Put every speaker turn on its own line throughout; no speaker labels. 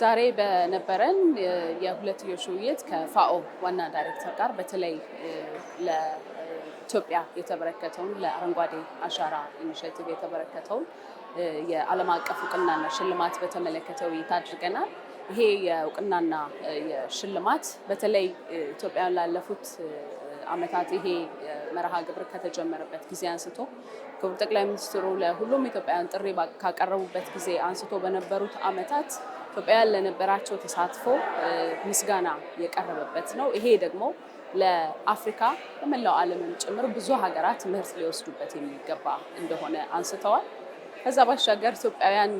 ዛሬ በነበረን የሁለትዮሽ ውይይት ከፋኦ ዋና ዳይሬክተር ጋር በተለይ ለኢትዮጵያ የተበረከተውን ለአረንጓዴ አሻራ ኢኒሽቲቭ የተበረከተውን የዓለም አቀፍ እውቅናና ሽልማት በተመለከተ ውይይት አድርገናል። ይሄ የእውቅናና የሽልማት በተለይ ኢትዮጵያን ላለፉት ዓመታት ይሄ መርሃ ግብር ከተጀመረበት ጊዜ አንስቶ ክቡር ጠቅላይ ሚኒስትሩ ለሁሉም ኢትዮጵያውያን ጥሪ ካቀረቡበት ጊዜ አንስቶ በነበሩት ዓመታት ኢትዮጵያውያን ለነበራቸው ተሳትፎ ምስጋና የቀረበበት ነው። ይሄ ደግሞ ለአፍሪካ ለመላው ዓለምም ጭምር ብዙ ሀገራት ትምህርት ሊወስዱበት የሚገባ እንደሆነ አንስተዋል። ከዛ ባሻገር ኢትዮጵያውያን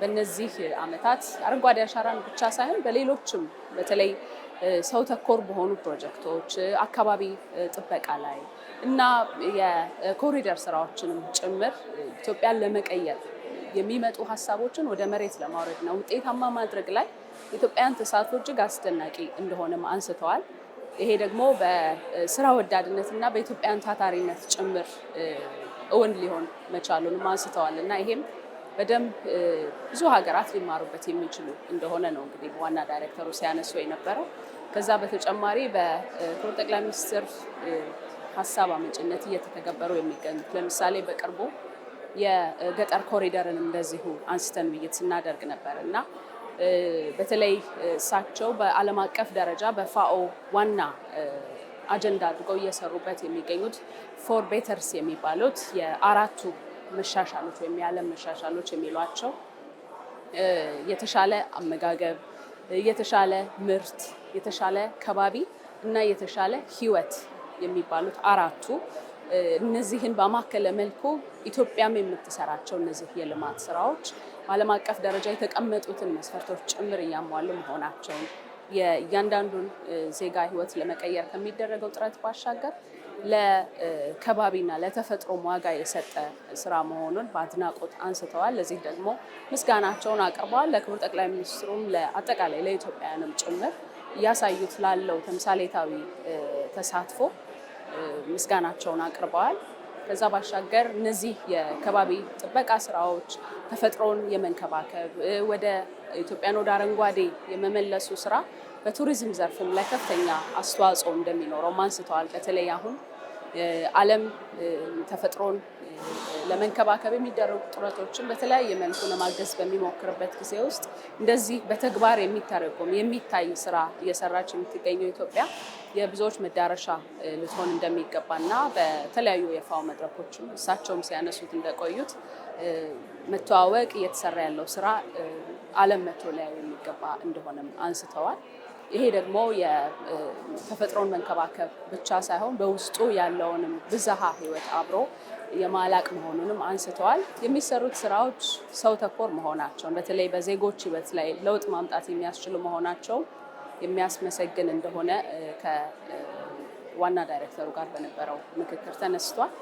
በነዚህ ዓመታት አረንጓዴ አሻራን ብቻ ሳይሆን በሌሎችም በተለይ ሰው ተኮር በሆኑ ፕሮጀክቶች አካባቢ ጥበቃ ላይ እና የኮሪደር ስራዎችንም ጭምር ኢትዮጵያን ለመቀየር የሚመጡ ሀሳቦችን ወደ መሬት ለማውረድ ነው። ውጤታማ ማድረግ ላይ ኢትዮጵያን ተሳትፎ እጅግ አስደናቂ እንደሆነም አንስተዋል። ይሄ ደግሞ በስራ ወዳድነት እና በኢትዮጵያን ታታሪነት ጭምር እውን ሊሆን መቻሉንም አንስተዋል እና ይሄም በደንብ ብዙ ሀገራት ሊማሩበት የሚችሉ እንደሆነ ነው እንግዲህ ዋና ዳይሬክተሩ ሲያነሱ የነበረው። ከዛ በተጨማሪ በክቡር ጠቅላይ ሚኒስትር ሀሳብ አመንጭነት እየተተገበሩ የሚገኙት ለምሳሌ በቅርቡ የገጠር ኮሪደርን እንደዚሁ አንስተን ውይይት ስናደርግ ነበር እና በተለይ እሳቸው በዓለም አቀፍ ደረጃ በፋኦ ዋና አጀንዳ አድርገው እየሰሩበት የሚገኙት ፎር ቤተርስ የሚባሉት የአራቱ መሻሻሎች ወይም የዓለም መሻሻሎች የሚሏቸው የተሻለ አመጋገብ፣ የተሻለ ምርት፣ የተሻለ ከባቢ እና የተሻለ ህይወት የሚባሉት አራቱ እነዚህን በማከለ መልኩ ኢትዮጵያም የምትሰራቸው እነዚህ የልማት ስራዎች በዓለም አቀፍ ደረጃ የተቀመጡትን መስፈርቶች ጭምር እያሟሉ መሆናቸውን የእያንዳንዱን ዜጋ ህይወት ለመቀየር ከሚደረገው ጥረት ባሻገር ለከባቢና ለተፈጥሮ ዋጋ የሰጠ ስራ መሆኑን በአድናቆት አንስተዋል። ለዚህ ደግሞ ምስጋናቸውን አቅርበዋል። ለክቡር ጠቅላይ ሚኒስትሩም ለአጠቃላይ ለኢትዮጵያውያንም ጭምር እያሳዩት ላለው ተምሳሌታዊ ተሳትፎ ምስጋናቸውን አቅርበዋል። ከዛ ባሻገር እነዚህ የከባቢ ጥበቃ ስራዎች ተፈጥሮን የመንከባከብ ወደ ኢትዮጵያን ወደ አረንጓዴ የመመለሱ ስራ በቱሪዝም ዘርፍም ላይ ከፍተኛ አስተዋጽኦ እንደሚኖረውም አንስተዋል። በተለይ አሁን ዓለም ተፈጥሮን ለመንከባከብ የሚደረጉ ጥረቶችን በተለያየ መልኩ ለማገዝ በሚሞክርበት ጊዜ ውስጥ እንደዚህ በተግባር የሚተረጎም የሚታይ ስራ እየሰራች የምትገኘው ኢትዮጵያ የብዙዎች መዳረሻ ልትሆን እንደሚገባ እና በተለያዩ የፋው መድረኮችም እሳቸውም ሲያነሱት እንደቆዩት መተዋወቅ እየተሰራ ያለው ስራ ዓለም መቶ ላይ የሚገባ እንደሆነም አንስተዋል። ይሄ ደግሞ የተፈጥሮን መንከባከብ ብቻ ሳይሆን በውስጡ ያለውንም ብዝሃ ህይወት አብሮ የማላቅ መሆኑንም አንስተዋል። የሚሰሩት ስራዎች ሰው ተኮር መሆናቸውን በተለይ በዜጎች ህይወት ላይ ለውጥ ማምጣት የሚያስችሉ መሆናቸው የሚያስመሰግን እንደሆነ ከዋና ዳይሬክተሩ ጋር በነበረው ምክክር ተነስቷል።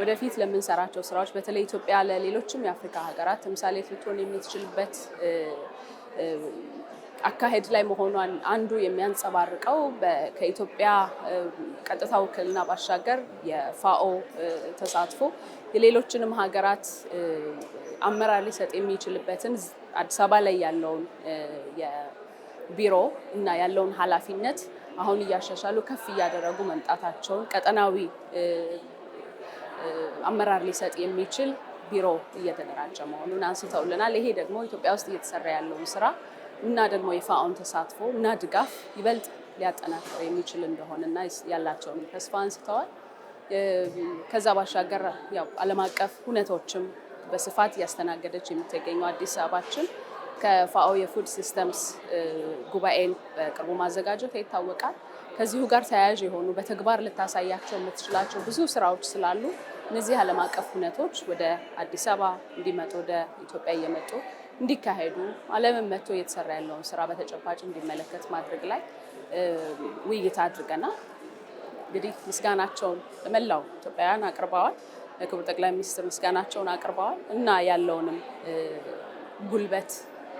ወደፊት ለምንሰራቸው ስራዎች በተለይ ኢትዮጵያ ለሌሎችም የአፍሪካ ሀገራት ተምሳሌ ልትሆን የምትችልበት አካሄድ ላይ መሆኗን አንዱ የሚያንጸባርቀው ከኢትዮጵያ ቀጥታ ውክልና ባሻገር የፋኦ ተሳትፎ የሌሎችንም ሀገራት አመራር ሊሰጥ የሚችልበትን አዲስ አበባ ላይ ያለውን የቢሮ እና ያለውን ኃላፊነት አሁን እያሻሻሉ ከፍ እያደረጉ መምጣታቸውን ቀጠናዊ አመራር ሊሰጥ የሚችል ቢሮ እየተደራጀ መሆኑን አንስተውልናል። ይሄ ደግሞ ኢትዮጵያ ውስጥ እየተሰራ ያለውን ስራ እና ደግሞ የፋኦን ተሳትፎ እና ድጋፍ ይበልጥ ሊያጠናክር የሚችል እና ያላቸውን ተስፋ አንስተዋል። ከዛ ባሻገር አለም ዓለም አቀፍ ሁነቶችም በስፋት እያስተናገደች የምትገኘው አዲስ አበባችን ከፋኦ የፉድ ሲስተምስ ጉባኤን በቅርቡ ማዘጋጀት ይታወቃል። ከዚሁ ጋር ተያያዥ የሆኑ በተግባር ልታሳያቸው የምትችላቸው ብዙ ስራዎች ስላሉ እነዚህ ዓለም አቀፍ ሁነቶች ወደ አዲስ አበባ እንዲመጡ ወደ ኢትዮጵያ እየመጡ እንዲካሄዱ ዓለምን መጥቶ እየተሰራ ያለውን ስራ በተጨባጭ እንዲመለከት ማድረግ ላይ ውይይት አድርገናል። እንግዲህ ምስጋናቸውን መላው ኢትዮጵያውያን አቅርበዋል። ለክቡር ጠቅላይ ሚኒስትር ምስጋናቸውን አቅርበዋል እና ያለውንም ጉልበት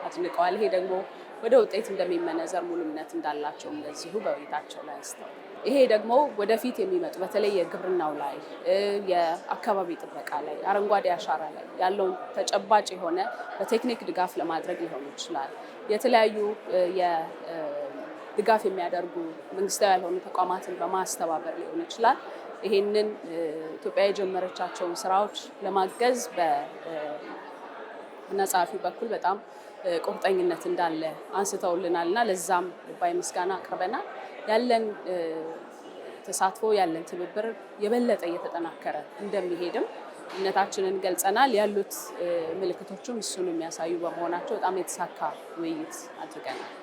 አድንቀዋል። ይሄ ደግሞ ወደ ውጤት እንደሚመነዘር ሙሉ እምነት እንዳላቸው እንደዚሁ በቤታቸው ላይ ስተው ይሄ ደግሞ ወደፊት የሚመጡ በተለይ የግብርናው ላይ የአካባቢ ጥበቃ ላይ አረንጓዴ አሻራ ላይ ያለውን ተጨባጭ የሆነ በቴክኒክ ድጋፍ ለማድረግ ሊሆን ይችላል። የተለያዩ ድጋፍ የሚያደርጉ መንግስታዊ ያልሆኑ ተቋማትን በማስተባበር ሊሆን ይችላል። ይህንን ኢትዮጵያ የጀመረቻቸውን ስራዎች ለማገዝ በነጻፊ በኩል በጣም ቁርጠኝነት እንዳለ አንስተውልናል እና ለዛም ልባዊ ምስጋና አቅርበናል። ያለን ተሳትፎ ያለን ትብብር የበለጠ እየተጠናከረ እንደሚሄድም እምነታችንን ገልጸናል። ያሉት ምልክቶችም እሱን የሚያሳዩ በመሆናቸው በጣም የተሳካ ውይይት አድርገናል።